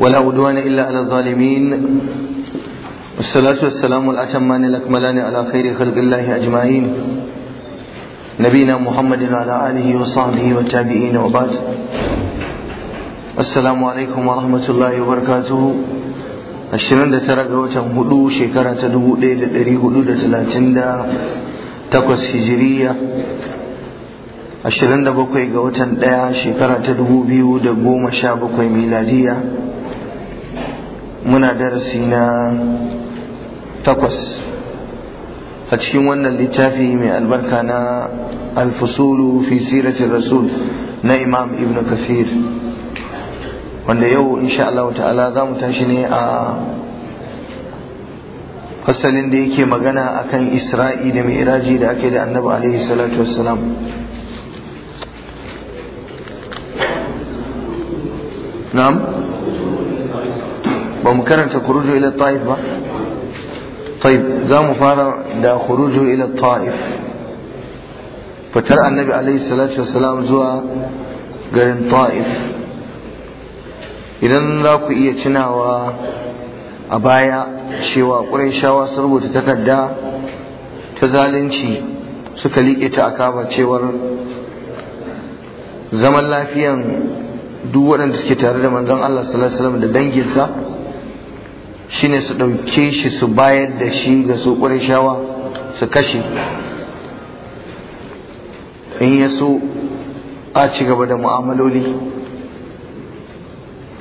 ولا عدوان إلا على الظالمين والصلاة والسلام الأتمان الأكملان على خير خلق الله أجمعين نبينا محمد وعلى آله وصحبه والتابعين وبعد السلام عليكم ورحمة الله وبركاته ashirin da tara ga watan hudu shekara ta dubu ɗaya da ɗari da talatin da takwas hijiriya ashirin da bakwai ga watan ɗaya shekara ta dubu biyu da goma sha bakwai miladiya muna darasi na takwas a cikin wannan littafi mai albarka na alfusulu fi siratin rasul na imam ibn kasir wanda yau insha Allah ta'ala za mu tashi ne a fasalin da yake magana akan isra'i da mi'raji da ake da annabi alaihi salatu wassalam na'am ba mu karanta khuruju ila ta'if ba طيب زام فارا دا خروجه إلى الطائف فترى النبي عليه الصلاة والسلام zuwa قرن طائف idan za ku iya cinawa a baya cewa ƙuraishawa sun rubuta takarda ta zalunci suka liƙe ta a kaba cewar zaman lafiyan duk waɗanda suke tare da manzon Allah sallallahu alaihi wasallam da danginsa shine su ɗauke shi su bayar da shi ga su shawa su kashe in ya so a ci gaba da mu'amaloli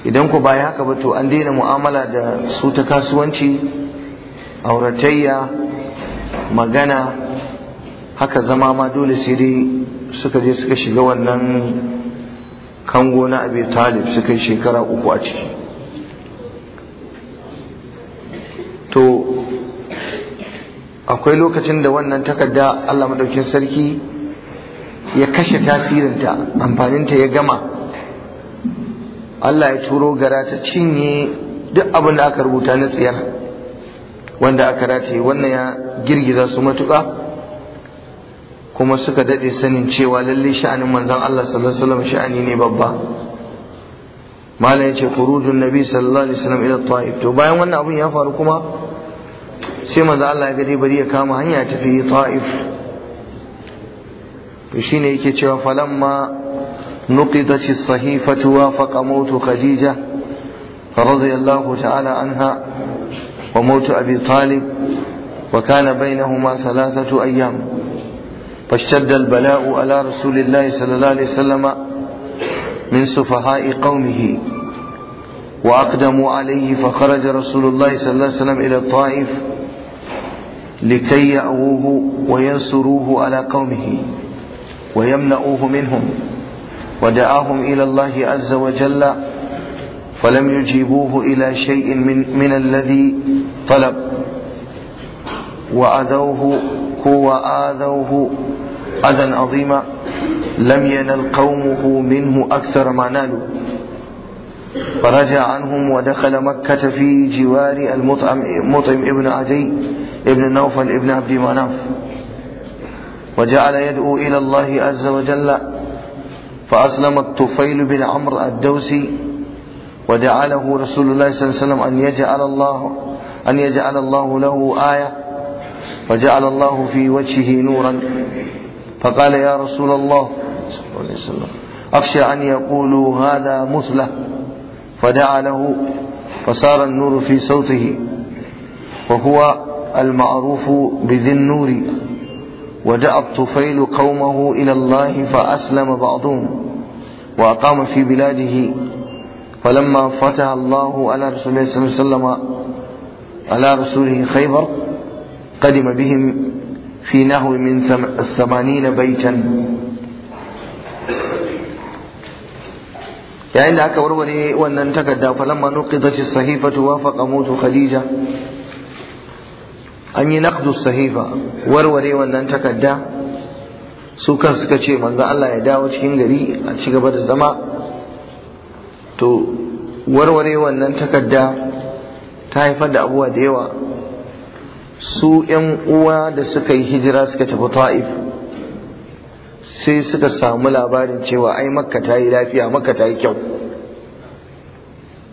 idan ku baya haka ba to an daina mu'amala da su ta kasuwanci auratayya magana haka zama ma dole sai dai suka je suka shiga wannan kango na abi talib suka yi shekara uku a ciki akwai lokacin da wannan takarda Allah madaukin sarki ya kashe tasirinta amfaninta ya gama Allah ya turo gara ta cinye duk abin da aka rubuta na tsiyar wanda aka rataye wannan ya girgiza su matuƙa kuma suka daɗe sanin cewa lalle sha'anin manzon Allah sallallahu alaihi wasallam sha'ani ne babba malam yace kurujun nabi sallallahu alaihi wasallam ila ta'ib to bayan wannan abun ya faru kuma sai manzo Allah ya gari bari ya kama hanya tafi ta'if to shine yake cewa falamma nuqidat as-sahifatu wa faqa mautu khadija radiyallahu ta'ala anha wa mautu abi talib wa kana bainahuma thalathatu ayyam فاشتد البلاء على رسول الله صلى الله عليه وسلم من سفهاء قومه وأقدموا عليه فخرج رسول الله صلى الله عليه وسلم إلى الطائف لكي يأووه وينصروه على قومه ويمنعوه منهم ودعاهم إلى الله عز وجل فلم يجيبوه إلى شيء من, من الذي طلب وأذوه هو آذوه أذى عظيما لم ينل قومه منه أكثر ما نالوا فرجع عنهم ودخل مكة في جوار المطعم مطعم ابن عدي ابن نوفل ابن عبد مناف وجعل يدعو إلى الله عز وجل فأسلم الطفيل بن عمرو الدوسي ودعا له رسول الله صلى الله عليه وسلم أن يجعل الله أن يجعل الله له آية وجعل الله في وجهه نورا فقال يا رسول الله صلى الله عليه وسلم أخشى أن يقولوا هذا مثله فدعا له فصار النور في صوته وهو المعروف بذي النور ودعا الطفيل قومه إلى الله فأسلم بعضهم وأقام في بلاده فلما فتح الله على رسول الله صلى الله عليه وسلم على رسوله خيبر قدم بهم في نحو من ثمانين بيتا yayin da aka warware wannan takarda falamma nuqidat as-sahifatu wafaqa mutu khadija an yi naqdu sahifa warware wannan takarda su kan suka ce manzo Allah ya dawo cikin gari a ci gaba da zama to warware wannan takarda ta haifar da abuwa da yawa su 'yan uwa da suka yi hijira suka tafi ta'if sai suka samu labarin cewa ai makka ta yi lafiya makka ta yi kyau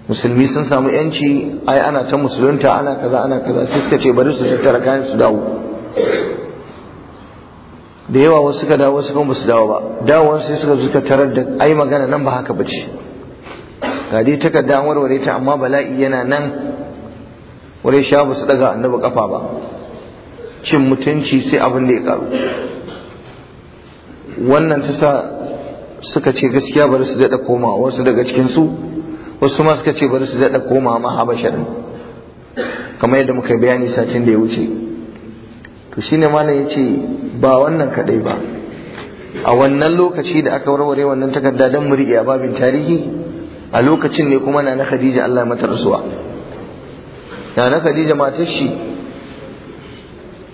musulmi sun samu yanci ai ana ta musulunta ana kaza ana kaza sai suka ce bari su tattara kayan su dawo da yawa wasu suka dawo wasu kuma su dawo ba dawowar sai suka suka tarar da ai magana nan ba haka ba ce ga dai takardar warware ta amma bala'i yana nan wurin sha ba su daga annabi kafa ba cin mutunci sai abin da ya karu wannan ta sa suka ce gaskiya bari su daɗa koma wasu daga cikinsu wasu ma suka ce bari su daɗa koma ma habasha ɗin kamar yadda muka bayani satin da ya wuce to shine malam ya ce ba wannan kaɗai ba a wannan lokaci da aka warware wannan takarda don muri a babin tarihi a lokacin ne kuma na na khadija Allah ya mata rasuwa na na khadija matar shi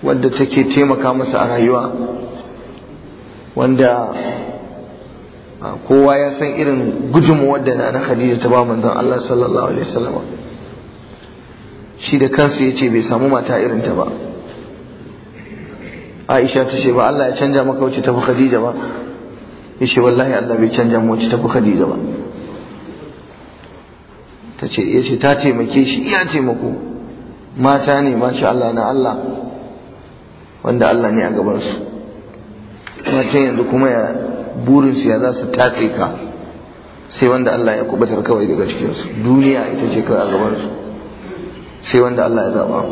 wadda take taimaka masa a rayuwa wanda kowa ya san irin gudunmuwar da na Khadija ta ba manzon Allah sallallahu alaihi wasallam shi da kansu ya ce bai samu mata irin ta ba Aisha ta ce ba Allah ya canja maka wacce tafi Khadija ba ya ce wallahi Allah bai canja mu wacce tafi Khadija ba ta ce yace ta taimake shi iya taimako mata ne masha Allah na Allah wanda Allah ne a gaban su kuma ta yanzu kuma ya burin su ya za su tatse ka sai wanda Allah ya kubatar kawai daga cikinsu duniya ita ce kawai a gabansu sai wanda Allah ya zaba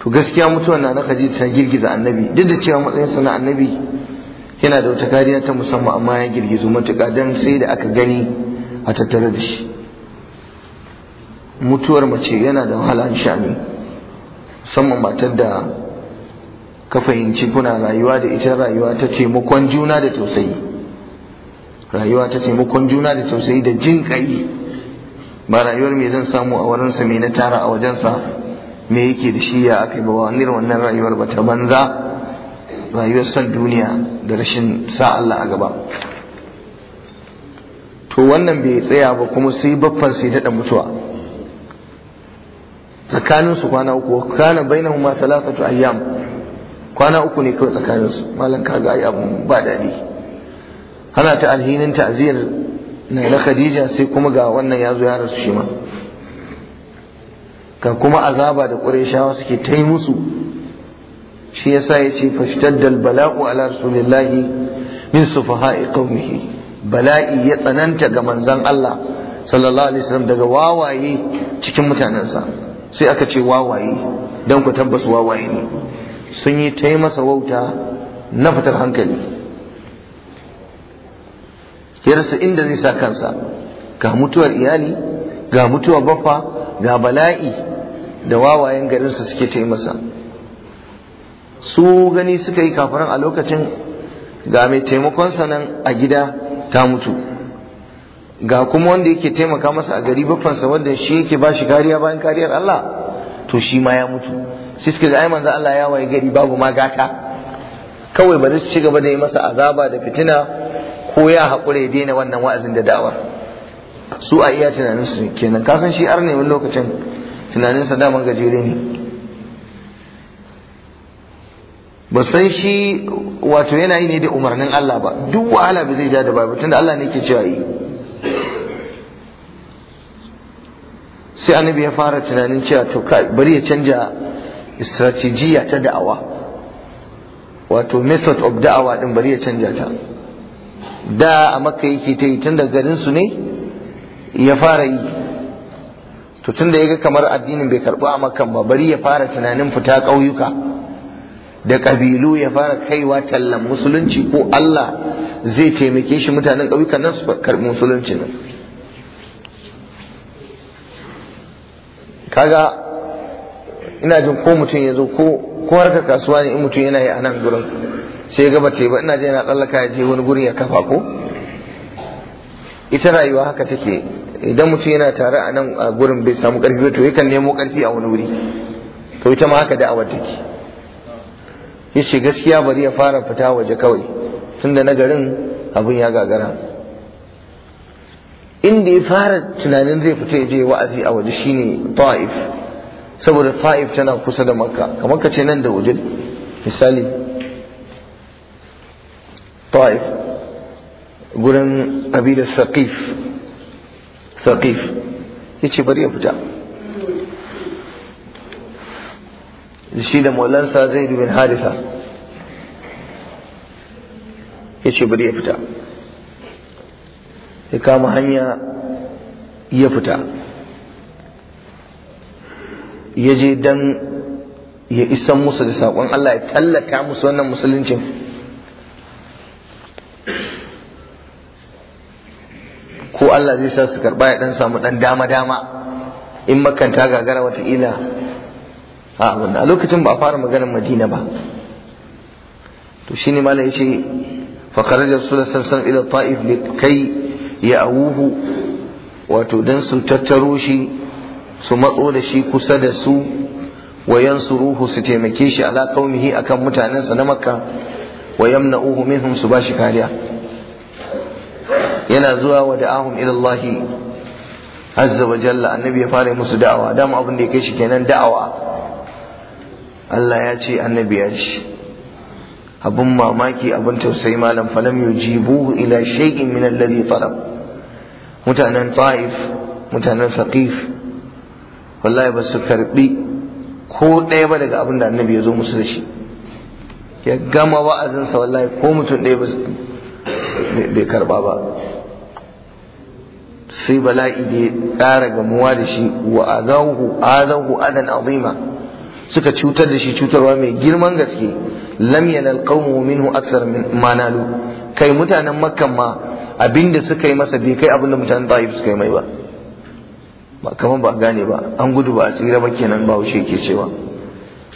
to gaskiya mutuwar na Khadija ta girgiza annabi duk da cewa matsayinsa na annabi yana da wata kariya ta musamman amma ya girgizo matuka don sai da aka gani a tattare da shi mutuwar mace yana da wahala sha'ani musamman matar da ka fahimci kuna rayuwa da ita rayuwa ta taimakon juna da tausayi rayuwa ta taimakon juna da tausayi da jin kai ba rayuwar me zan samu a wurinsa me na tara a wajensa me yake da shi ya aka yi ba wani wannan rayuwar ba ta banza rayuwar san duniya da rashin sa Allah a gaba to wannan bai tsaya ba kuma sai baffan sai daɗa mutuwa tsakaninsu kwana uku kana bainahuma salatatu ayyam kwana uku ne kawai tsakaninsu malam ga ai abu ba daɗi ana ta alhinin ta'aziyar na na khadija sai kuma ga wannan ya zo ya rasu shi ma ga kuma azaba da qurayshawa suke ta yi musu shi yasa ya ce dal bala'u ala rasulillahi min sufaha'i qaumihi bala'i ya tsananta ga manzon Allah sallallahu alaihi wasallam daga wawaye cikin mutanensa sai aka ce wawaye dan ku tabbas wawaye ne sun yi ta yi masa wauta na fitar hankali ya inda zai sa kansa ga mutuwar iyali ga mutuwar baffa ga bala'i da wawayen garinsa suke ta yi masa su gani suka yi kafaran a lokacin ga mai taimakonsa nan a gida ta mutu ga kuma wanda yake taimaka masa a gari baffansa wanda shi yake ba shi kariya bayan kariyar Allah to shi ma ya mutu shi suke ga ai manzo Allah ya waye gari babu ma gata kawai bari su ci gaba da yi masa azaba da fitina ko ya haƙura ya daina wannan wa'azin da da'awar su a iya tunaninsu kenan ka san shi ar ne wani lokacin tunaninsa sa daman gajere ne ba san shi wato yana yi ne da umarnin Allah ba duk wahala ba zai ja da babu tunda Allah ne ke cewa yi sai annabi ya fara tunanin cewa to bari ya canja strategiya ta da'awa wato method of da'awa din bari ya canja ta da a makka yake ta yi tun da garin su ne ya fara yi to tun da ya ga kamar addinin bai karɓi a makkan ba bari ya fara tunanin fita ƙauyuka da ƙabilu ya fara kaiwa tallan musulunci ko Allah zai taimake shi mutanen ƙauyukan nan su karɓi musulunci nan kaga ina jin ko mutum ya zo ko ko harkar kasuwa ne in mutum yana yi a nan gurin sai gaba ce ba ina jin yana tsallaka ya je wani gurin ya kafa ko ita rayuwa haka take idan mutum yana tare a nan a gurin bai samu karfi ba to yakan nemo karfi a wani wuri to ita ma haka da'awar take yace gaskiya bari ya fara fita waje kawai tunda na garin abin ya gagara inda ya fara tunanin zai fita ya je wa'azi a waje shine ta'if saboda ta'if tana kusa da makka kamar ka ce nan da wujud misali ta'if gurin ƙabilar saqif saqif ya ce bari ya fita shi da maulansa zai bin harisa ya ce bari ya fita ya kama hanya ya fita ya je dan ya isan musu da saƙon Allah ya tallata musu wannan musuluncin ko Allah zai sa su karɓa ya ɗan samu ɗan dama-dama in makanta gagara wataƙila a wanda a lokacin ba a fara maganar madina ba to shi ne mala ya ce fakar da da sassan ila ta'if kai ya awuhu wato don su tattaro shi su matso da shi kusa da su su ruhu su taimake shi ala qaumihi akan mutanensa na makka na yamna'uhu minhum su bashi kariya yana zuwa wa da'ahum ilallahi Allah azza wa jalla annabi ya fara musu da'awa dama abin da ya kai shi kenan da'awa Allah ya ce annabi ya ce abin mamaki abin tausayi malam falam yujibu ila shay'in min alladhi talab mutanen ta'if mutanen saqif wallahi ba su karbi ko ɗaya ba daga abin da annabi ya zo musu da shi ya gama wa'azinsa wallahi ko mutum ɗaya ba bai karba ba sai bala'i da ya ƙara gamuwa da shi wa azahu azahu adan azima suka cutar da shi cutarwa mai girman gaske lam yanal qawmu minhu akthar min manalu kai mutanen makkan ma abinda suka yi masa bai kai abinda mutanen ta'if suka yi mai ba ba kamar ba gane ba an gudu ba a tsira ba kenan ba wuce ke cewa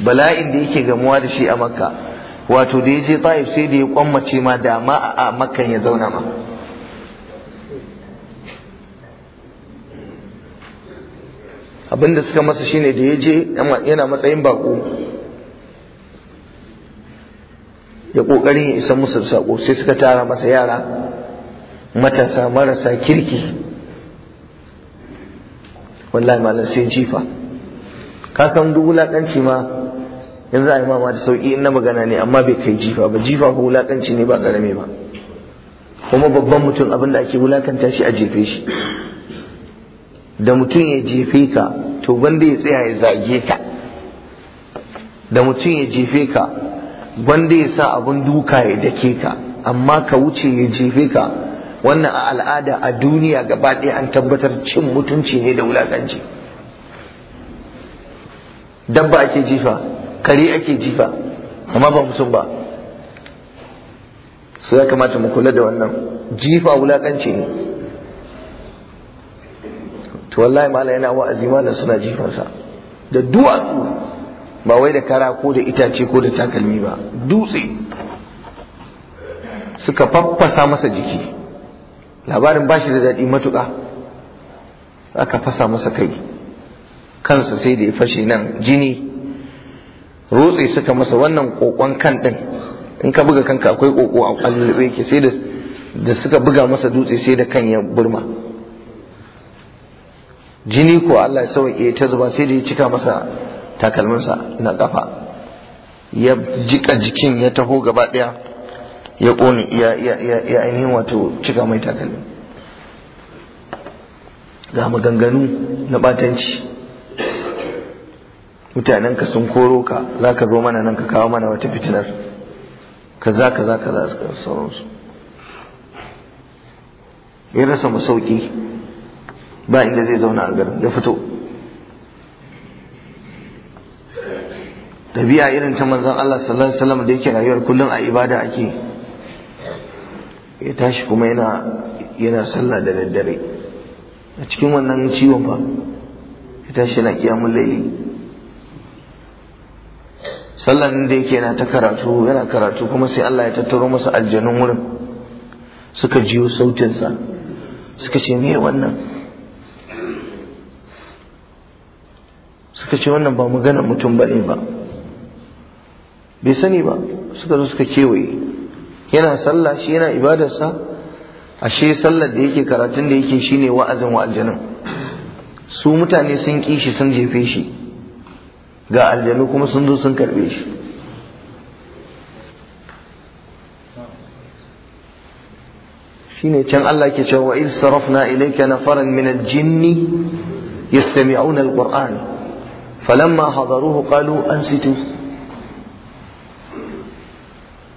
bala'in da yake gamuwa da shi a makka wato da ya je ta'if sai da ya kwammace ma da ma a makkan ya zauna ma abinda suka masa shine da ya je yana matsayin bako ya kokarin ya isa musu sako sai suka tara masa yara matasa marasa kirki wallahi malam sai jifa ka san duk wulakanci ma yanzu a yi mama da sauki in na magana ne amma bai kai jifa ba jifa ko wulakanci ne ba karami ba kuma babban mutum abin da ake wulakanta shi a jefe shi da mutum ya jefe ka to gwanda ya tsaya ya zage ka da mutum ya jefe ka gwanda ya sa abin duka ya dake ka amma ka wuce ya jefe ka wannan a al'ada a duniya gaba ɗaya an tabbatar cin mutunci ne da wulaƙanci dabba ake jifa kare ake jifa amma ba mutum ba su ya kamata mu kula da wannan jifa wulaƙanci ne to wallahi mala yana wa'azi malam suna jifansa da duwatsu ba wai da kara ko da itace ko da takalmi ba dutse suka faffasa masa jiki labarin ba shi da daɗi matuƙa aka fasa masa kai kansa sai da ya fashe nan jini rutse suka masa wannan kokon kan ɗin in ka buga kanka akwai koko a ƙwallo yake sai da suka buga masa dutse sai da kan ya burma jini ko Allah ya sauke ta zuba sai da ya cika masa takalminsa na ƙafa. ya jiƙa jikin ya taho gaba ɗaya ya ƙone ya ainihin wato cika mai takalmi ga maganganu na batanci ka sun koro ka za ka zo mana nan ka kawo mana wata fitinar kaza za ka sauransu ya rasa masauki ba inda zai zauna a garin ya fito tabi'a irin ta manzon Allah sallallahu alaihi wasallam da yake rayuwar kullum a ibada ake ya tashi kuma yana yana sallah da daddare a cikin wannan ciwon ba ya tashi yana kiyamun laili sallan da yake yana ta karatu yana karatu kuma sai Allah ya tattaro masa aljanun wurin suka jiyo sautinsa suka ce me wannan suka ce wannan ba magana mutum ba ne ba bai sani ba suka zo suka kewaye yana sallah shi yana ibadarsa ashe sallar da yake karatun da yake shine wa'azin wa aljanin su mutane sun ƙi shi sun jefe shi ga aljanu kuma sun zo sun karɓe shi shine can Allah ke cewa wa in sarafna ilayka nafaran min al-jinni yastami'una al-qur'an falamma hadaruhu qalu ansitu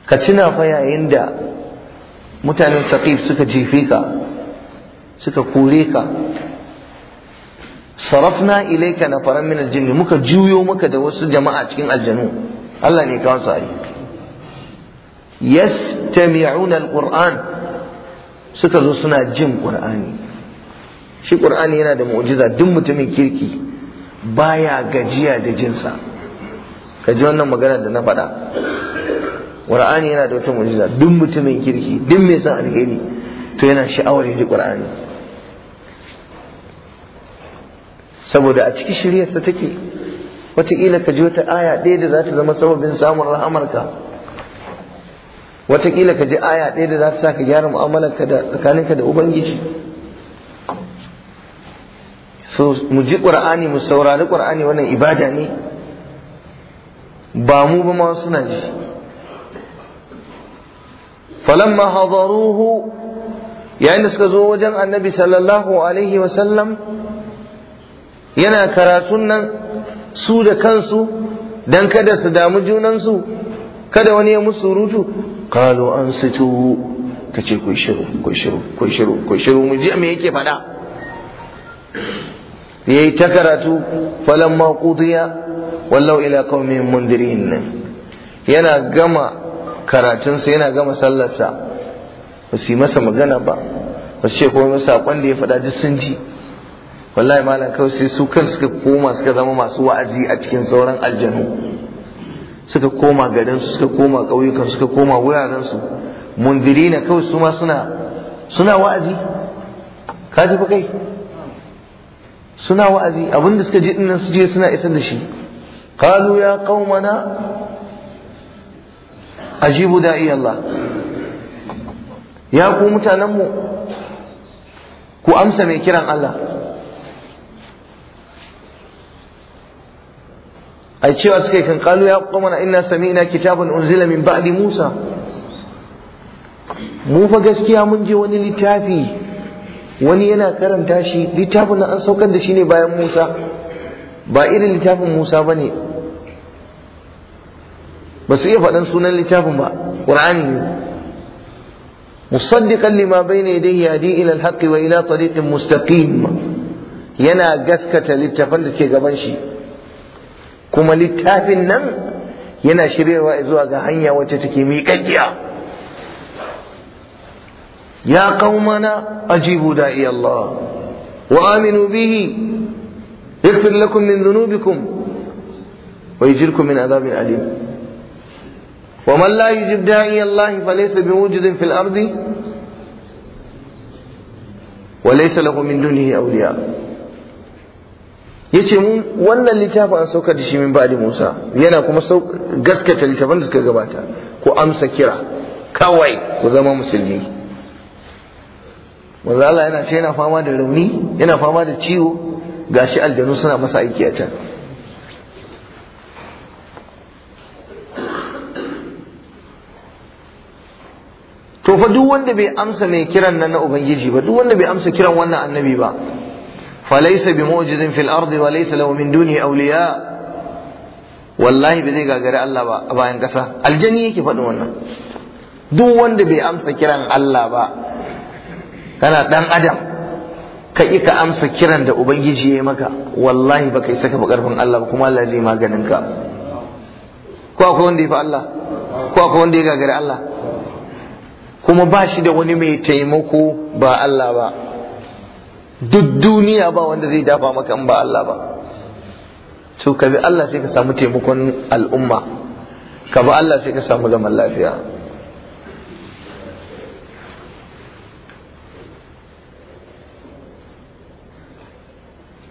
ka cina fa yayin da mutanen saqif suka jefe ka suka kore ka sarafna ilayka nafaran min jini muka juyo maka da wasu jama'a cikin aljanu Allah ne kawo sai yastami'una alquran suka zo suna jin qur'ani shi qur'ani yana da mu'jiza duk mutumin kirki baya gajiya da jinsa ka ji wannan magana da na faɗa qur'ani yana da wata mu'jiza duk mutumin kirki duk mai son alheri to yana sha'awar yaji qur'ani saboda a cikin sa take wataƙila ka ji wata aya ɗaya da za ta zama sababin samun rahamarka wataƙila ka ji aya ɗaya da za ta sa ka gyara ka da tsakaninka da ubangiji so mu ji ƙur'ani mu saurari ƙur'ani wannan ibada ne ba mu ba ma suna ji falamma hadaruhu yayin da suka zo wajen annabi sallallahu alaihi wasallam yana karatun nan su da kansu dan kada su damu junansu kada wani ya musu rutu qalu ansitu kace ku shiru ku shiru ku shiru ku mu ji me yake faɗa yayi ta karatu falamma qudiya wallau ila yana gama karatunsa yana gama sallarsa ba su yi masa magana ba ba su ce komai saƙon da ya faɗa duk sun ji wallahi malam kawai sai su kan suka koma suka zama masu wa'azi a cikin sauran aljanu suka koma garinsu suka koma ƙauyukan suka koma wurarensu mundiri na kawai su ma suna suna wa'azi ji fa kai suna wa'azi abinda suka ji dinnan su je suna isar da shi qalu ya mana. ajibu da'i Allah ya ku mutanenmu ku amsa mai kiran Allah ai cewa suka kan kalu ya qamana inna sami'na kitaban unzila min ba'di Musa mu fa gaskiya mun je wani littafi wani yana karanta shi littafin an saukar da shi ne bayan Musa ba irin littafin Musa bane بس ايه فادن اللي لتافن با قرآن مصدقا لما بين يديه يهدي الى الحق والى طريق مستقيم ينا غسكتا لتافن كي غبن شي كما لتافن نن ينا شرير ازوا غا هانيا وته يا قومنا اجيبوا داعي الله وامنوا به يغفر لكم من ذنوبكم ويجركم من عذاب اليم ومن لا يجب داعي الله فليس بموجد في الأرض وليس له من دونه أولياء yace mun wannan littafin an sauka da shi min ba'di Musa yana kuma gaskata littafin da suka gabata ku amsa kira kawai ku zama musulmi manzo yana ce yana fama da rauni yana fama da ciwo gashi aljanu suna masa aiki a can to fa duk wanda bai amsa mai kiran nan na ubangiji ba duk wanda bai amsa kiran wannan annabi ba falaysa bi mu'jizin fil ardi wa laysa lahu min duni awliya wallahi ba zai gagari Allah ba a bayan kasa aljanni yake faɗin wannan duk wanda bai amsa kiran Allah ba kana dan adam ka ka amsa kiran da ubangiji ya yi maka wallahi baka yi saka karfin Allah ba kuma Allah zai maganin ka ko akwai wanda ya fi Allah ko akwai wanda ya gagari Allah kuma ba shi da wani mai taimako ba Allah ba duk duniya ba wanda zai dafa maka ba Allah ba to ka bi Allah sai ka samu taimakon al'umma ka bi Allah sai ka samu zaman lafiya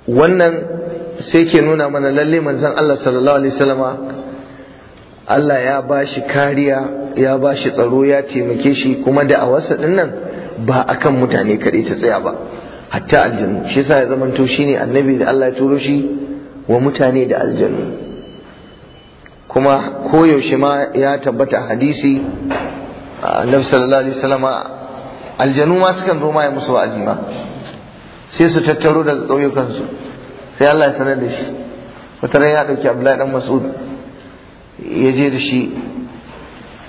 wannan sai ke nuna mana lalle manzon Allah sallallahu alaihi wasallama Allah ya ba shi kariya ya ba shi tsaro ya taimake shi kuma da a wasa dinnan ba akan mutane kaɗai ta tsaya ba hatta aljanu shi sa ya shi shine annabi da Allah ya turo shi wa mutane da aljanu kuma koyaushe ma ya tabbata hadisi annabi sallallahu alaihi wasallama aljanu ma sukan zo ma ya musu wa'azi ma sai su tattaro daga ƙauyukan su sai Allah ya sanar da shi wata ya ɗauki Abdullahi dan Mas'ud ya je da shi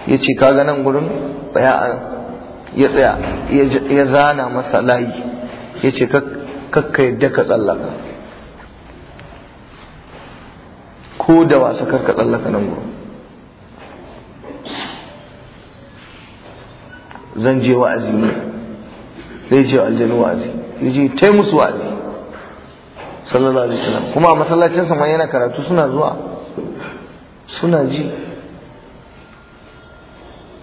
ya ce kaga nan gurin ya tsaya ya zana masa layi ya ce kakka yadda ka tsallaka ko da wasa karka tsallaka nan gurin zan je wa'azi ne zai je aljanu wa'azi ya je ta musu wa'azi sallallahu alaihi wasallam kuma a masallacinsa yana karatu suna zuwa suna ji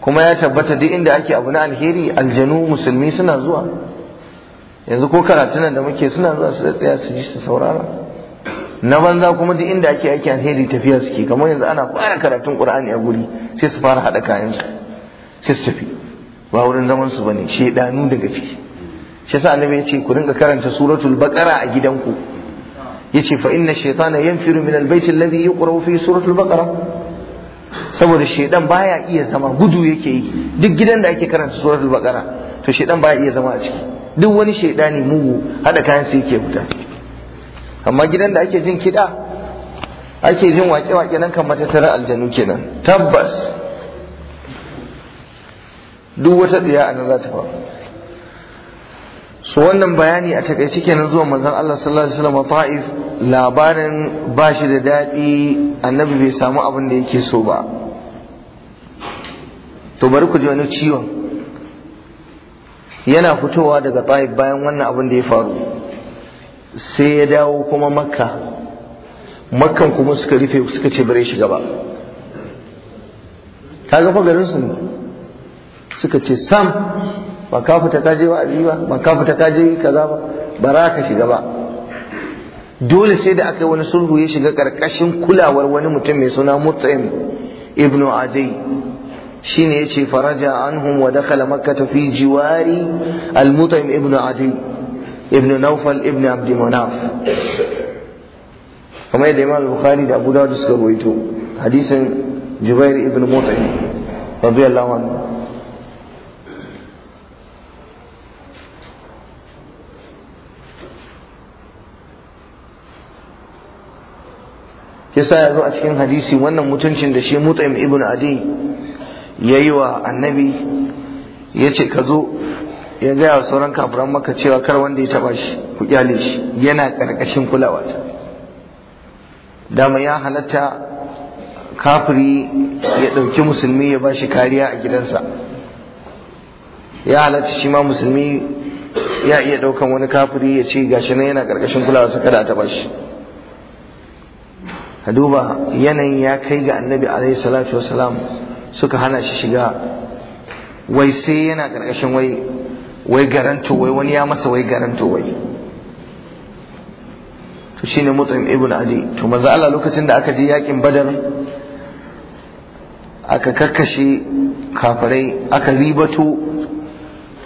kuma ya tabbata duk inda ake abu na alheri aljanu musulmi suna zuwa yanzu ko karatunan da muke suna zuwa su tsaya su ji su saurara na banza kuma duk inda ake aiki alheri tafiya suke kamar yanzu ana fara karatun qur'ani a guri sai su fara hada kayan su sai su tafi ba wurin zaman su bane shedanu daga ciki shi yasa annabi ya ce ku dinga karanta suratul baqara a gidanku yace fa inna shaytana yanfiru min albayt alladhi yuqra fi suratul baqara saboda shaidan baya iya zama gudu yake yi duk gidan da ake karanta suratul baqara to shaidan baya iya zama a ciki duk wani ne mugu hada kayan su yake fita amma gidan da ake jin kiɗa ake jin wake-wake nan kan matattarar aljanu kenan tabbas duk wata tsiya a nan za ta faru so wannan bayani a takaice kenan zuwa manzon Allah sallallahu alaihi wasallam ta'if labarin bashi da dadi annabi bai samu abin da yake so ba to bari ku ji wani ciwon yana fitowa daga ta'if bayan wannan abin da ya faru sai ya dawo kuma makka makkan kuma suka rufe suka ce bare shiga ba kaga fa garin su suka ce sam ba ka fita ka je wa'azi ba ba ka fita ka je kaza ba ba za ka shiga ba dole sai da aka yi wani sulhu ya shiga karkashin kulawar wani mutum mai suna mutsayin ibnu adai shine ya ce faraja anhum wa dakala ta fi jiwari al-mutsayin ibnu adai ibnu naufal ibnu abdi manaf kamar yadda imam bukhari da abu dawud suka rawaito hadisin jubair ibnu mutsayin radiyallahu anhu yasa ya zo a cikin hadisi wannan mutuncin da shi mut'im ibn adi yi wa annabi ce ka zo ya gaya wa sauran kafiran maka cewa kar wanda ya taba shi ku kyale shi yana karkashin kulawa ta dama ya halatta kafiri ya ɗauki musulmi ya ba shi kariya a gidansa ya halatta shi ma musulmi ya iya ɗaukan wani kafiri ya ce gashi nan yana karkashin kulawa sa kada a taba shi a duba yanayin ya kai ga annabi alaihi salatu wasalam suka hana shi shiga wai sai yana ƙarƙashin wai wai garanto wai wani ya masa wai garanto wai to shine mut'im ibn adi to maza Allah lokacin da aka je yakin badar aka karkashe kafirai aka ribato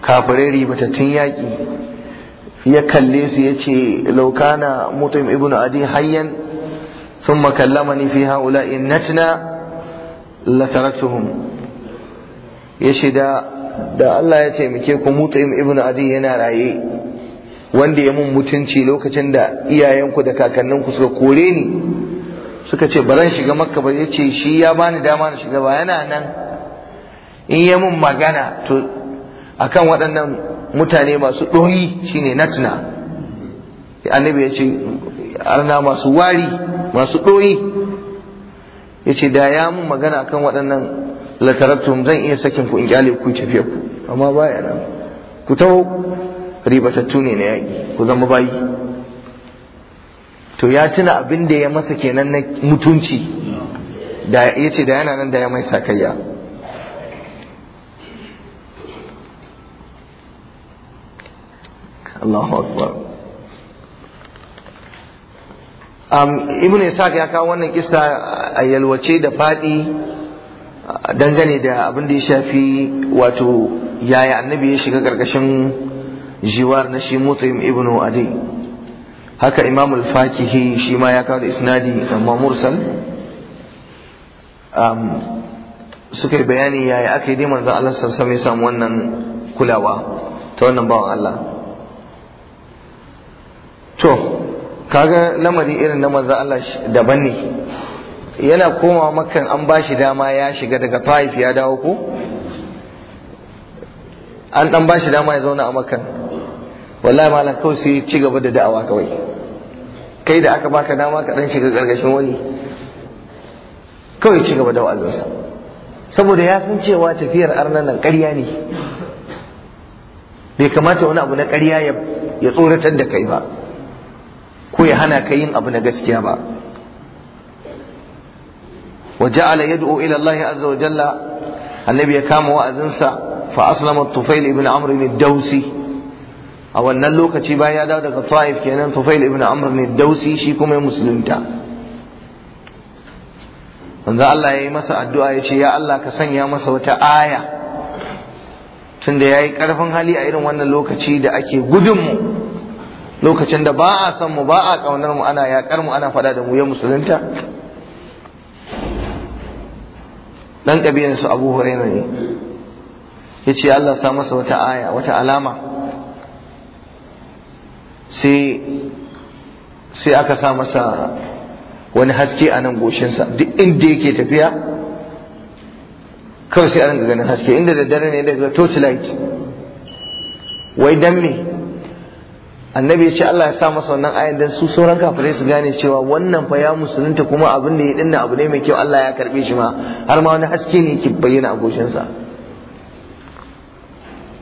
kafirai ribatattun yaƙi ya kalle su ya ce laukana mut'im ibn adi hayyan ثم كلمني في هؤلاء النتنا لتركتهم yace da da Allah ya taimake ku Mut'im ibnu Adi yana raye wanda ya mun mutunci lokacin da iyayenku da kakanninku suka kore ni suka ce baran shiga makka ba yace shi ya bani dama na shiga ba yana nan in ya mun magana to akan waɗannan mutane masu ɗoyi shine natna annabi ya ce arna masu wari masu ɗoyi ya ce da ya mun magana akan waɗannan latarattun zan iya sakin ku in kyale ku tafiya ku amma baya nan ku taho ribatattu ne na yaƙi ku zama bayi to ya tuna abin da ya masa kenan na mutunci ya ce da yana nan da ya mai sakayya Allahu Akbar Um, ibn Isaac ya kawo wannan kisa a yalwace da faɗi uh, dangane da abin da ya shafi wato yaya annabi ya shiga ƙarƙashin jiwar na shi mutum ibn adi haka imam al-fakihi shi ma ya kawo da isnadi amma mursal um, suka yi bayani yaya aka yi dai manzon Allah sallallahu alaihi wasallam wannan kulawa ta wannan bawan Allah to kaga lamari irin na manzo Allah daban ne yana komawa makan an ba shi dama ya shiga daga Taif ya dawo ko an dan ba shi dama ya zauna a makan wallahi malam kawai sai ci gaba da da'awa kawai kai da aka baka dama ka dan shiga gargashin wani kawai ci gaba da wa'azinsa saboda ya san cewa tafiyar arnan nan ƙarya ne bai kamata wani abu na ƙarya ya tsoratar da kai ba ko ya hana ka yin abu na gaskiya ba wa ja'ala yad'u ila Allah azza wa jalla annabi ya kama wa'azinsa fa aslama tufail ibn amr ibn dausi a wannan lokaci bayan ya dawo daga Taif kenan tufail ibn amr ne dausi shi kuma ya musulunta wanda Allah ya yi masa addu'a ya ce ya Allah ka sanya masa wata aya tunda ya yi ƙarfin hali a irin wannan lokaci da ake gudunmu lokacin da ba a san mu ba a kaunar mu ana yakar mu ana fada da mu ya musulunta dan kabilan su Abu Hurairah ne yace Allah sa masa wata aya wata alama sai sai aka sa masa wani haske a nan sa duk inda yake tafiya kawai sai a ganin haske inda da dare ne daga torchlight wai dan me annabi ya ce Allah ya sa masa wannan ayan dan su sauran kafirai su gane cewa wannan fa ya musulunta kuma abin da ya dinna abu ne mai kyau Allah ya karbe shi ma har ma wani haske ne yake bayyana a goshinsa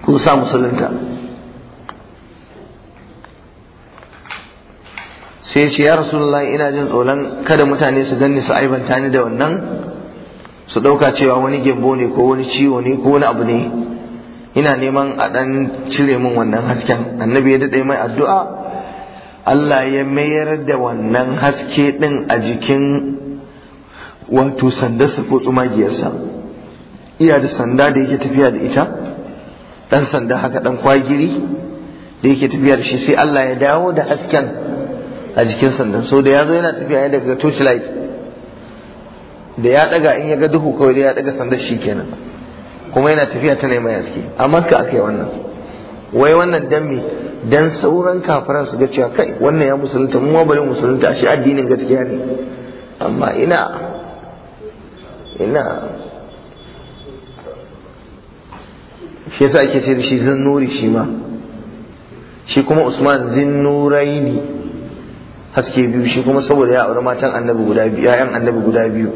ku sa musulunta sai ce ya rasulullahi ina jin tsoron kada mutane su ganni su aibanta ni da wannan su ɗauka cewa wani gembo ne ko wani ciwo ne ko wani abu ne ina neman a dan cire min wannan hasken annabi ya daɗe mai addu'a Allah ya mayar da wannan haske din a jikin wato sandarsa ko tsumagiyarsa iya da sanda da yake tafiya da ita ɗan sanda haka ɗan kwagiri da yake tafiya da shi sai Allah ya dawo da hasken a jikin sandan so da ya zo yana tafiya ya daga torchlight da ya ɗaga in ya ga duhu kawai da ya daga sandar shi kenan kuma yana tafiya ta mai yaske, a makka aka yi wannan wai wannan dan me dan sauran kafiran su ga cewa kai wannan ya musulunta mu ma bari musulunta shi addinin gaskiya ne amma ina ina shi yasa ake ce da shi nuri shi ma shi kuma usman ne haske biyu shi kuma saboda ya aure matan annabi guda biyu yayan annabi guda biyu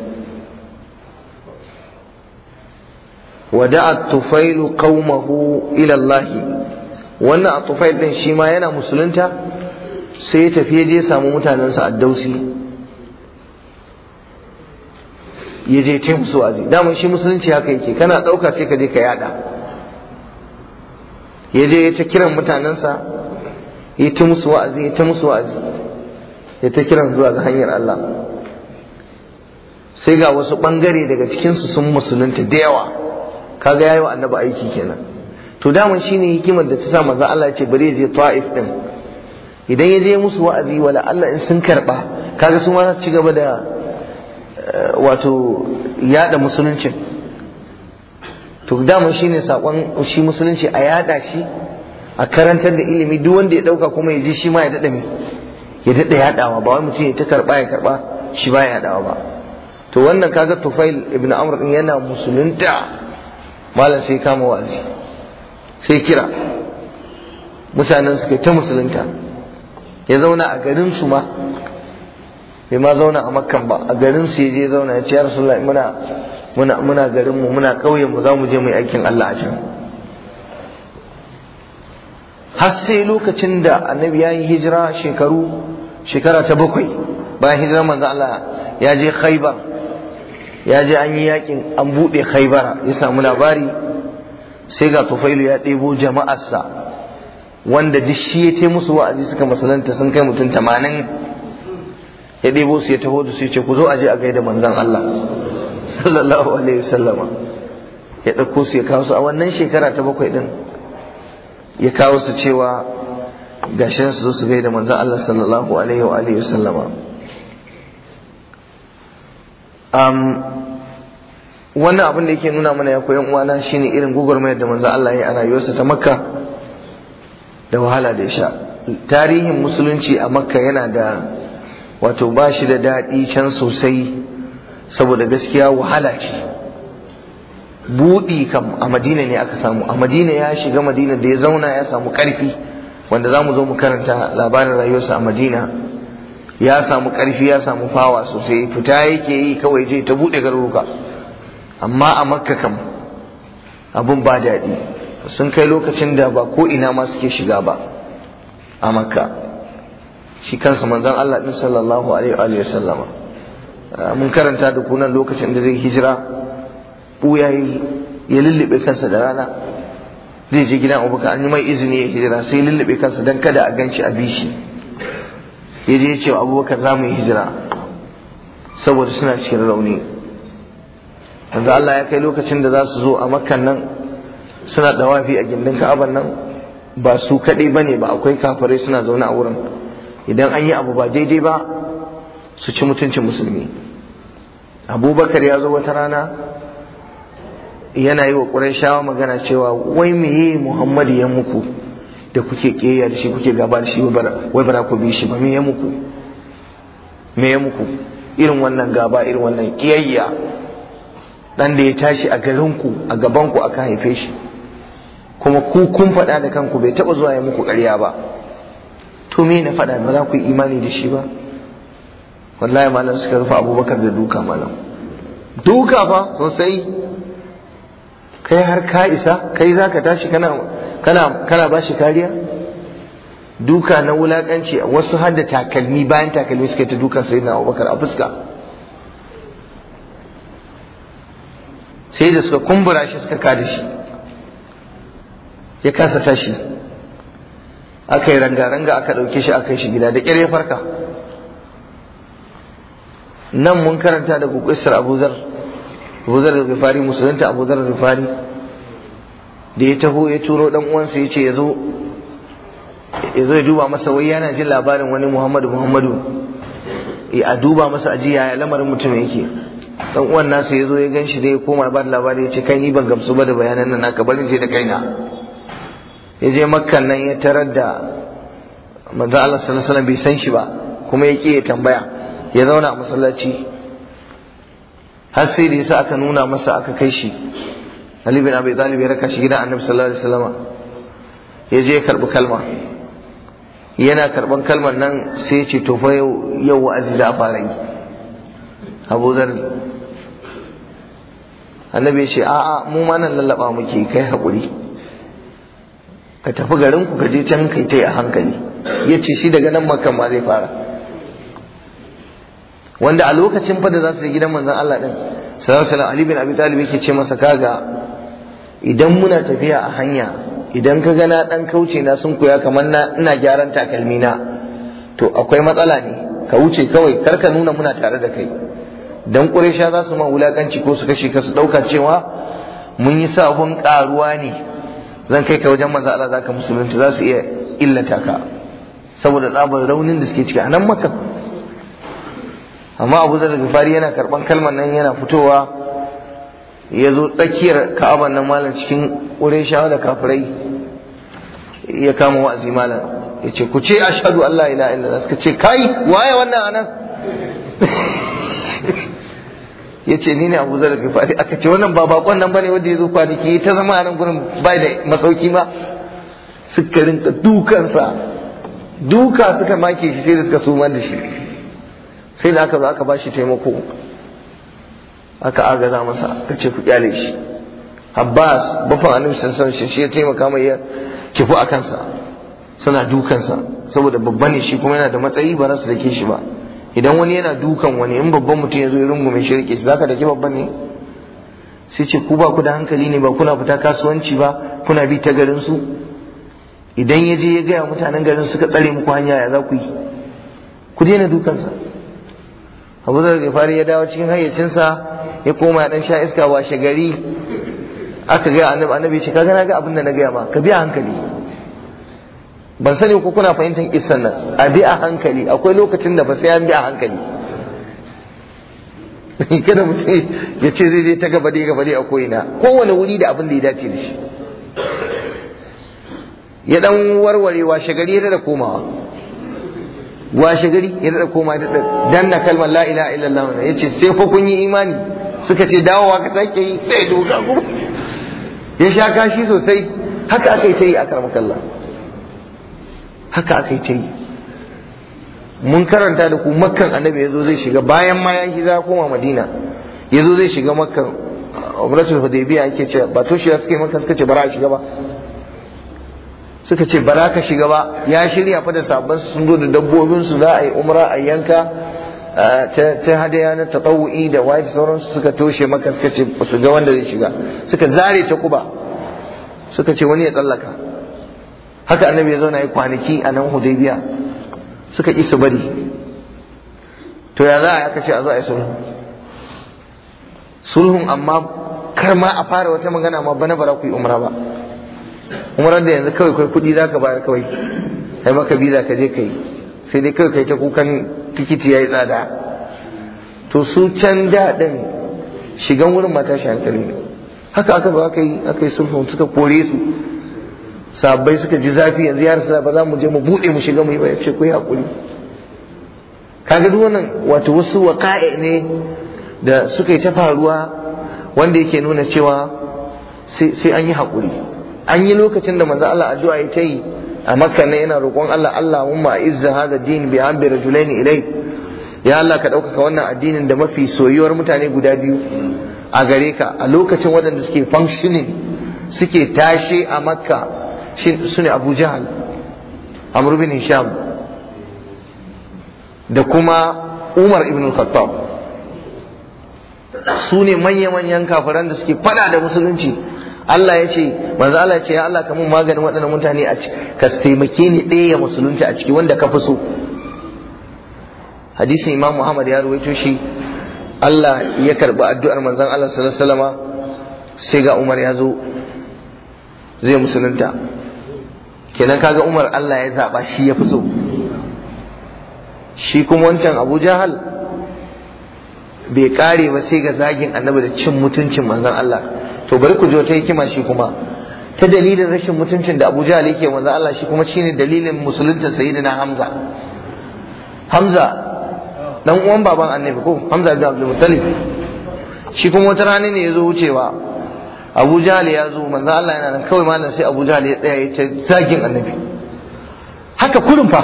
wada at-tufailu qaumahu ila Allah wannan at-tufail din shi ma yana musulunta sai ya tafi je samu mutanen sa addausi ya je su musu da daman shi musulunci haka yake kana ɗauka sai ka je ka yada ya je ya ta kiran mutanen sa ya ta musu wa'azi ya ta musu wa'azi ya ta kiran zuwa ga hanyar Allah sai ga wasu ɓangare daga cikin su sun musulunta da yawa kaga yayi wa annabi aiki kenan to daman shine hikimar da ta sa manzo Allah ya ce bari je Ta'if din idan ya je musu wa'azi wala Allah in sun karba kaga su ma za su ci gaba da eh, wato yada musuluncin to daman shine sakon shi musulunci a yada shi a karantar da ilimi duk wanda ya dauka kuma ya ji shi ma ya dada me ya dada yadawa ba wai mutum ya ta karba ya karba shi ba ya yadawa ba to wannan kaga Tufail ibn Amr din yana musulunta malam sai kama wa'azi sai kira mutanen suka ta musulunta ya zauna a garin su ma bai ma zauna a makkan ba a garin su ya je zauna ya ce ya rasulullahi muna muna garin mu muna ƙauyen mu za mu je mu yi aikin Allah a can har sai lokacin da annabi ya yi hijira shekaru shekara ta bakwai bayan hijirar manzo Allah ya je Khaibar ya je an yi yakin an buɗe khaibara ya samu labari sai ga tufailu ya ɗebo jama'arsa wanda duk shi ya ce musu wa'azi suka masalanta sun kai mutum tamanin ya ɗebo su ya taho da su ya ce ku zo a je a gaida manzan Allah sallallahu alaihi wasallama ya ɗauko su ya kawo su a wannan shekara ta bakwai ɗin ya kawo su cewa gashin su zo su gaida manzan Allah sallallahu alaihi wa alihi wasallama wannan abin da yake nuna mana ya koyan uwana shine irin gugurmayar da manzo Allah ya a rayuwarsa ta Makka da wahala da ya sha tarihin musulunci a Makka yana da wato ba shi da daɗi can sosai saboda gaskiya wahala ce buɗi kam a madina ne aka samu a madina ya shiga madina da ya zauna ya samu ƙarfi wanda za mu zo mu karanta labarin rayuwarsa a madina ya samu ƙarfi ya samu fawa sosai fita yake yi kawai je ta buɗe garuruka amma a makka kam abun ba daɗi sun kai lokacin da ba ko ina ma suke shiga ba a makka shi kansa manzon Allah ɗin sallallahu alaihi wa sallama ah, mun karanta da kunan lokacin da zai hijira buya ya lullube kansa da rana zai je gidan abubakar an yi mai izini ya hijira sai lullube kansa don kada a ganci a bishi ya je ce abubakar za mu yi hijira saboda suna cikin rauni yanzu Allah ya kai lokacin da za su zo a makkan nan suna dawafi a gindin ka'aban nan ba su kaɗai ba ne ba akwai kafirai suna zaune a wurin idan an yi abu ba daidai ba su ci mutuncin musulmi abubakar ya zo wata rana yana yi wa shawa magana cewa wai meye muhammadu ya muku da kuke keya da shi kuke gaba da shi wai bara ku bi shi ba me ya muku me ya muku irin wannan gaba irin wannan kiyayya dan da ya tashi a garin ku a gabanku aka haife shi kuma ku kun faɗa da kanku bai taɓa zuwa ya muku ƙarya ba to me na faɗa ba za ku yi imani da shi ba wallahi malam suka rufe abubakar da duka malam duka fa sosai kai har ka isa kai za ka tashi kana ba shi kariya duka na wulakanci wasu hada takalmi bayan takalmi suka ta dukan sai na abubakar a fuska sai da suka kumbura shi suka kada shi ya kasa tashi aka yi ranga-ranga aka ɗauke shi aka yi shi gida da ƙyar ya farka nan mun karanta da kukisar abuzar Abu da zafari, musulunta Abu da zafari, da ya taho ya turo dan uwansa ya ce ya zo ya zo ya duba masa wai yana jin labarin wani Muhammadu Muhammadu eh, a duba masa ajiya ya lamarin mutum yake dan uwan nasa ya zo ya gan shi da ya koma ba da labari ya ce kai ni ban gamsu ba da bayanan nan naka barin je da kaina ya je Makka nan ya tarar da manzo Allah sallallahu alaihi wasallam bai san shi ba kuma ya ki ya tambaya ya zauna a masallaci har sai da yasa aka nuna masa aka kai shi Ali bin Abi Talib ya raka shi gidan Annabi sallallahu alaihi wasallam ya je karbi kalma yana karban kalmar nan sai ya ce to fa yau yau wa'azi da fara yi Abu Dhar Annabi ya ce a'a mu ma nan lallaba muke kai hakuri ka tafi garin ku ka je can kai tai a hankali yace shi daga nan makan ma zai fara wanda a lokacin fa da za su yi gidan manzon Allah din sallallahu alaihi Ali bin Abi Talib yake ce masa kaga idan muna tafiya a hanya idan ka gana ɗan kauce na sun koya kamar na ina gyaran takalmi na to akwai matsala ne ka wuce kawai kar ka nuna muna tare da kai dan sha za su ma wulakanci ko su kashe ka su dauka cewa mun yi sabon karuwa ne zan kai ka wajen ala Allah zaka musulunta za su iya illata ka saboda tsabar raunin da suke ciki a nan maka amma abu zar gifari yana karban kalmar nan yana fitowa ya zo tsakiyar ka'aban nan malam cikin ƙureshawa da kafirai ya kama wa'azi malam ya ce ku ce ashadu Allah ila su suka ce kai waye wannan anan ya ce ni ne abu zar gifari aka ce wannan ba bakon nan bane wanda ya zo kwanaki ta zama a nan gurin bai da masauki ma suka rinka dukansa duka suka make shi sai da suka sumar da shi sai da aka zo aka bashi taimako aka agaza masa ka ce ku kyale shi Abbas bafan annabi sallallahu alaihi shi ya taimaka mai ya kifu a kansa suna dukansa saboda babba ne shi kuma yana da matsayi ba rasu dake shi ba idan wani yana dukan wani in babban mutum ya zo irin rungume shi rike shi zaka dake babban ne sai ce ku ba ku da hankali ne ba kuna fita kasuwanci ba kuna bi ta garin su idan ya je ya gaya mutanen garin suka tsare muku hanya ya za ku yi ku daina dukansa abu zai gifari ya dawo cikin hayyacinsa ya koma ya dan sha iska washe gari aka gaya annabi annabi ce kaga na ga abin da na gaya ma ka bi a hankali ban sani ko kuna fahimtar kissan nan a bi a hankali akwai lokacin da ba sai an bi a hankali kada mutum ya ce zai je ta gaba dai gaba dai a ko'ina kowane wuri da abin da ya dace da shi ya dan warware washe gari da komawa washe gari ya daɗa koma ya daɗa na kalmar la ilaha illallah ya ce sai fa kun yi imani suka ce dawowa ka sake yi sai doka ku ya sha kashi sosai haka aka yi ta yi a karmakalla haka aka yi ta yi mun karanta da ku makkan annabi ya zo zai shiga bayan ma ya za koma madina ya zo zai shiga makkan umratul hudaybiya yake ce ba to shi suka yi makkan suka ce bara a shiga ba suka ce ba ka shiga ba ya shirya fa da sabon sun zo da dabbobin su za a yi umra a yanka ta hadaya na tatawu'i da waye sauransu suka toshe maka suka ce su ga wanda zai shiga suka zare ta kuba suka ce wani ya tsallaka haka annabi ya zauna yi kwanaki a nan hudaybiya suka ƙi su bari to ya za a yaka ce a zo a yi sulhu sulhun amma kar ma a fara wata magana ma bana bara ku yi umra ba umarar da yanzu kawai kai kuɗi zaka bayar kawai ai maka biza ka je kai sai dai kawai kai ta kukan tikiti yayi tsada to su can da shigan wurin mata shi hankali ne haka aka ba kai yi aka yi sulhun suka kore su sabbai suka ji zafi yanzu ya rasu ba za mu je mu buɗe mu shiga mu yi ba ya ce ku yi haƙuri kaga duk wannan wato wasu waƙa'i ne da suka yi ta faruwa wanda yake nuna cewa sai an yi haƙuri an yi lokacin da manzo Allah addu'a ya yi a makka ne yana roƙon Allah Allahumma izza hada din bi ambi rajulaini ilai ya Allah ka ɗaukaka wannan addinin da mafi soyuwar mutane guda biyu a gare ka a lokacin waɗanda suke functioning suke tashe a makka su ne abu jahal amr bin hisham da kuma umar ibn al-khattab su ne manya-manyan kafiran da suke fada da musulunci Allah ya ce manzo Allah ya ce ya Allah ka mun maganin waɗannan mutane a ka taimake ni ɗaya musulunta a ciki wanda ka fi so hadisin Imam Muhammad ya ruwaito shi Allah ya karbi addu'ar manzon Allah sallallahu alaihi wasallama sai ga Umar ya zo zai musulunta kenan kaga Umar Allah ya zaba shi ya fi so shi kuma wancan Abu Jahal bai kare ba sai ga zagin annabi da cin mutuncin manzon Allah to bari ku ji wata hikima shi kuma ta dalilin rashin mutuncin da Abu Jahal yake manzo Allah shi kuma shine dalilin musulunta sayyidina Hamza Hamza dan uwan baban Annabi ko Hamza ibn Abdul Muttalib shi kuma wata rana ne yazo wucewa Abu Jahal ya zo manzo Allah yana nan kawai malam sai Abu Jahal ya tsaya ya ce zagin Annabi haka kurun fa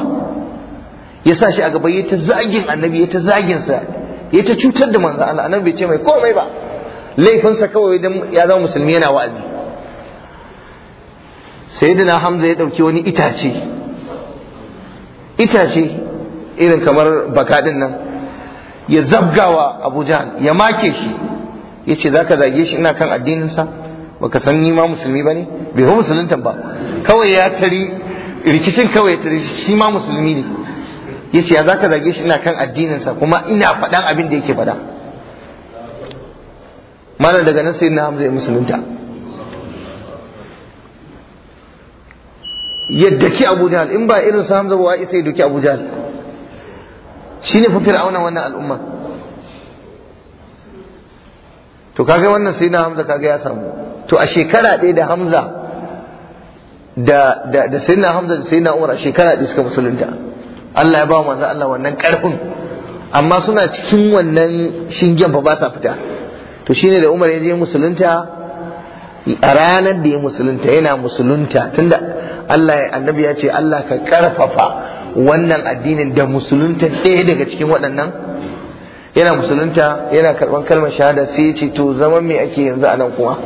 ya sa shi a gaba ya ta zagin Annabi ya ta zagin sa ya ta cutar da manzo Allah Annabi bai ce mai komai ba laifinsa kawai idan ya zama musulmi yana wa'azi sayyidina hamza ya ɗauki wani itace itace irin kamar bakadin nan ya zabgawa Abuja ya make shi ya ce za ka zage shi ina kan addininsa baka san ni ma musulmi ba ne bai fi musuluntan ba kawai ya tari rikicin kawai ya tari shi ma musulmi ne ya ce ya za ka zage shi ina kan addininsa kuma ina faɗan abin da yake faɗa malam daga nan sai na hamza ya musulunta yadda ki abu jahal in ba irin su hamza wa isa ya doki abu jahal ne fa auna wannan al'umma to kaga wannan sai na hamza kaga ya samu to a shekara ɗaya da hamza da da da sayyidina hamza da sayyidina umar a shekara ɗaya suka musulunta Allah ya ba manzo Allah wannan karfin amma suna cikin wannan shingen fa ba sa fita to shine da Umar ya je musulunta a ranar da ya musulunta yana musulunta tunda Allah ya annabi ya ce Allah ka karfafa wannan addinin da musulunta ɗaya daga cikin waɗannan yana musulunta yana karɓar kalmar shahada sai ya ce to zaman me ake yanzu a nan kuma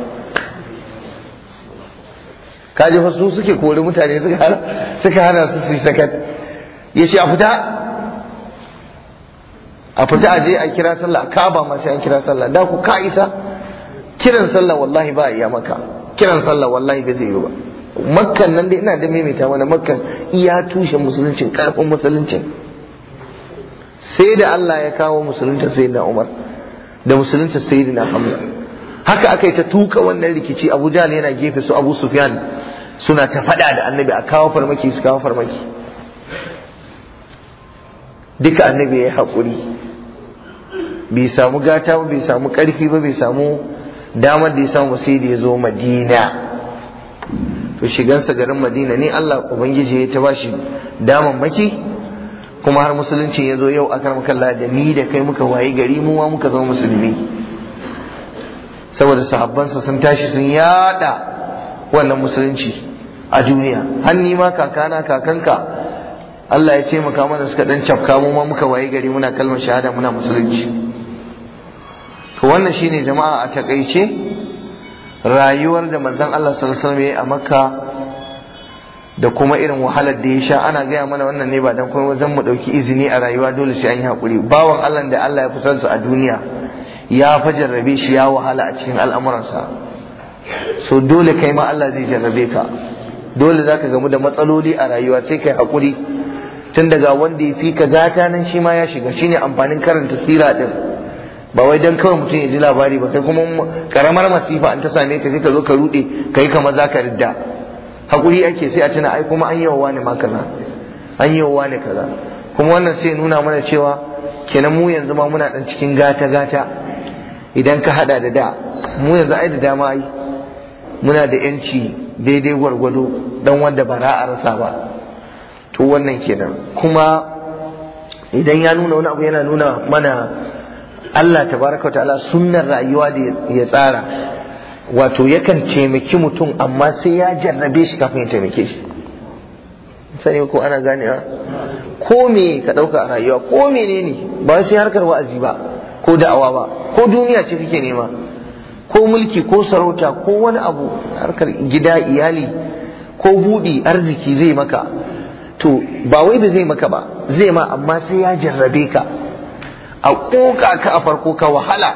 kaji fa su suke kori mutane suka hana su su sakat ya ce a fita a fita aje a kira sallah ba ma sai an kira sallah da ku ka isa kiran sallah wallahi ba iya maka kiran sallah wallahi ba zai yi ba makkan nan dai ina da maimaita mana makkan iya tushen musuluncin karfin musuluncin sai da Allah ya kawo sai sayyidina Umar da sai sayyidina Hamza haka akai ta tuka wannan rikici Abu Jahl yana gefe su Abu Sufyan suna ta faɗa da annabi a kawo farmaki su kawo farmaki duka annabi ya haƙuri bai samu gata ba bai samu karfi ba bai samu damar da ya samu sai da ya zo madina to shigansa garin madina ne Allah ubangiji ya ta bashi daman maki kuma har musulunci ya zo yau akar makalla da ni da kai muka waye gari mu ma muka zama musulmi saboda sahabbansa sun tashi sun yada wannan musulunci a duniya hanni ma kakana kakanka Allah ya ce maka mana suka dan cafka mu ma muka waye gari muna kalmar shahada muna musulunci to wannan shine jama'a a takaice rayuwar da manzon Allah sallallahu alaihi wasallam ya a Makka da kuma irin wahalar da ya sha ana gaya mana wannan ne ba dan kuma zan mu dauki izini a rayuwa dole sai an yi hakuri bawan Allah da Allah ya fusar su a duniya ya fa jarrabe shi ya wahala a cikin al'amuransa so dole kai ma Allah zai jarrabe ka dole zaka gamu da matsaloli a rayuwa sai kai hakuri tun daga wanda ya fi ka gata nan shi ma ya shiga shine amfanin karanta sira din ba wai dan kawai mutum ya ji labari ba kai kuma karamar masifa an ta same ka sai ka zo ka rude yi kamar za ka ridda hakuri ake sai a tuna ai kuma an yi wa ne ma kaza an wa ne kaza kuma wannan sai nuna mana cewa kenan mu yanzu ma muna dan cikin gata gata idan ka hada da da mu yanzu ai da dama ai muna da yanci daidai gwargwado dan wanda ba ra'a rasa ba to wannan kenan kuma idan ya nuna wani abu yana nuna mana Allah tabaraka ta'ala sunnar rayuwa da ya tsara wato yakan taimaki mutum amma sai ya jarrabe shi kafin ya taimake shi sani ko ana ganewa ko me ka dauka a rayuwa ko menene ba sai harkar wa'azi ba ko da'awa ba ko duniya ce kake nema ko mulki ko sarauta ko wani abu harkar gida iyali ko budi arziki zai maka to ba wai ba zai maka ba zai ma amma sai ya jarrabe ka a koka ka a farko ka wahala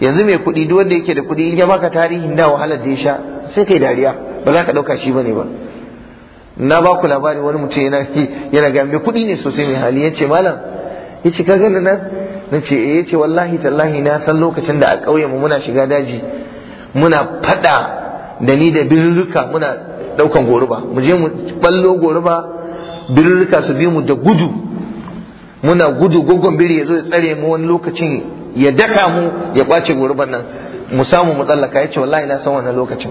yanzu mai kuɗi duk wanda yake da kuɗi in ya baka tarihin da wahala da ya sha sai kai dariya ba za ka ɗauka shi bane ba na ba ku labari wani mutum yana yana ga mai kuɗi ne sosai mai hali yace malam yace ka gani nan nace eh yace wallahi tallahi na san lokacin da a kauyen mu muna shiga daji muna fada, da ni da birruka muna daukan goruba mu je mu ballo goruba birrika su bi mu da gudu muna gudu gogon biri ya zo ya tsare mu wani lokacin ya daka mu ya kwace goruban nan mu samu mu tsallaka ya ce wallahi na san wannan lokacin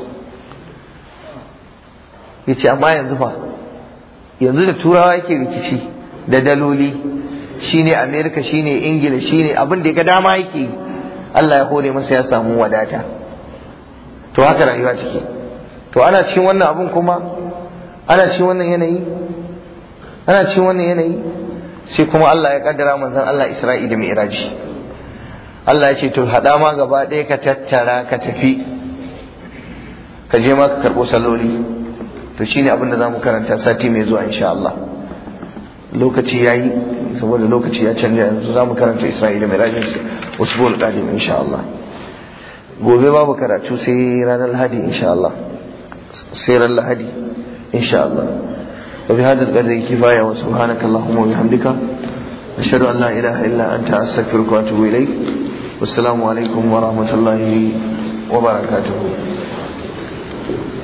ya ce amma yanzu fa yanzu da turawa yake rikici da daloli shine amerika shine ingila shine abin da ya ga dama yake Allah ya hore masa ya samu wadata to haka rayuwa take to ana cikin wannan abun kuma ana cikin wannan yanayi ana cikin wannan yanayi sai kuma Allah ya kaddara manzon Allah Isra'i da Mi'raji Allah ya ce to hada ma gaba ɗaya ka tattara ka tafi ka je ma ka karɓo salloli to shine abin da zamu karanta sati mai zuwa insha Allah lokaci yayi saboda lokaci ya canja yanzu zamu karanta Isra'i da Mi'rajin usbul qadim insha Allah gobe babu karatu sai ranar Lahadi insha Allah sai lahadi insha Allah wa bi hadal qadri kifaya wa subhanaka allahumma wa bihamdika ashhadu an la ilaha illa anta astaghfiruka wa atubu ilayk wassalamu alaikum wa rahmatullahi wa barakatuhu.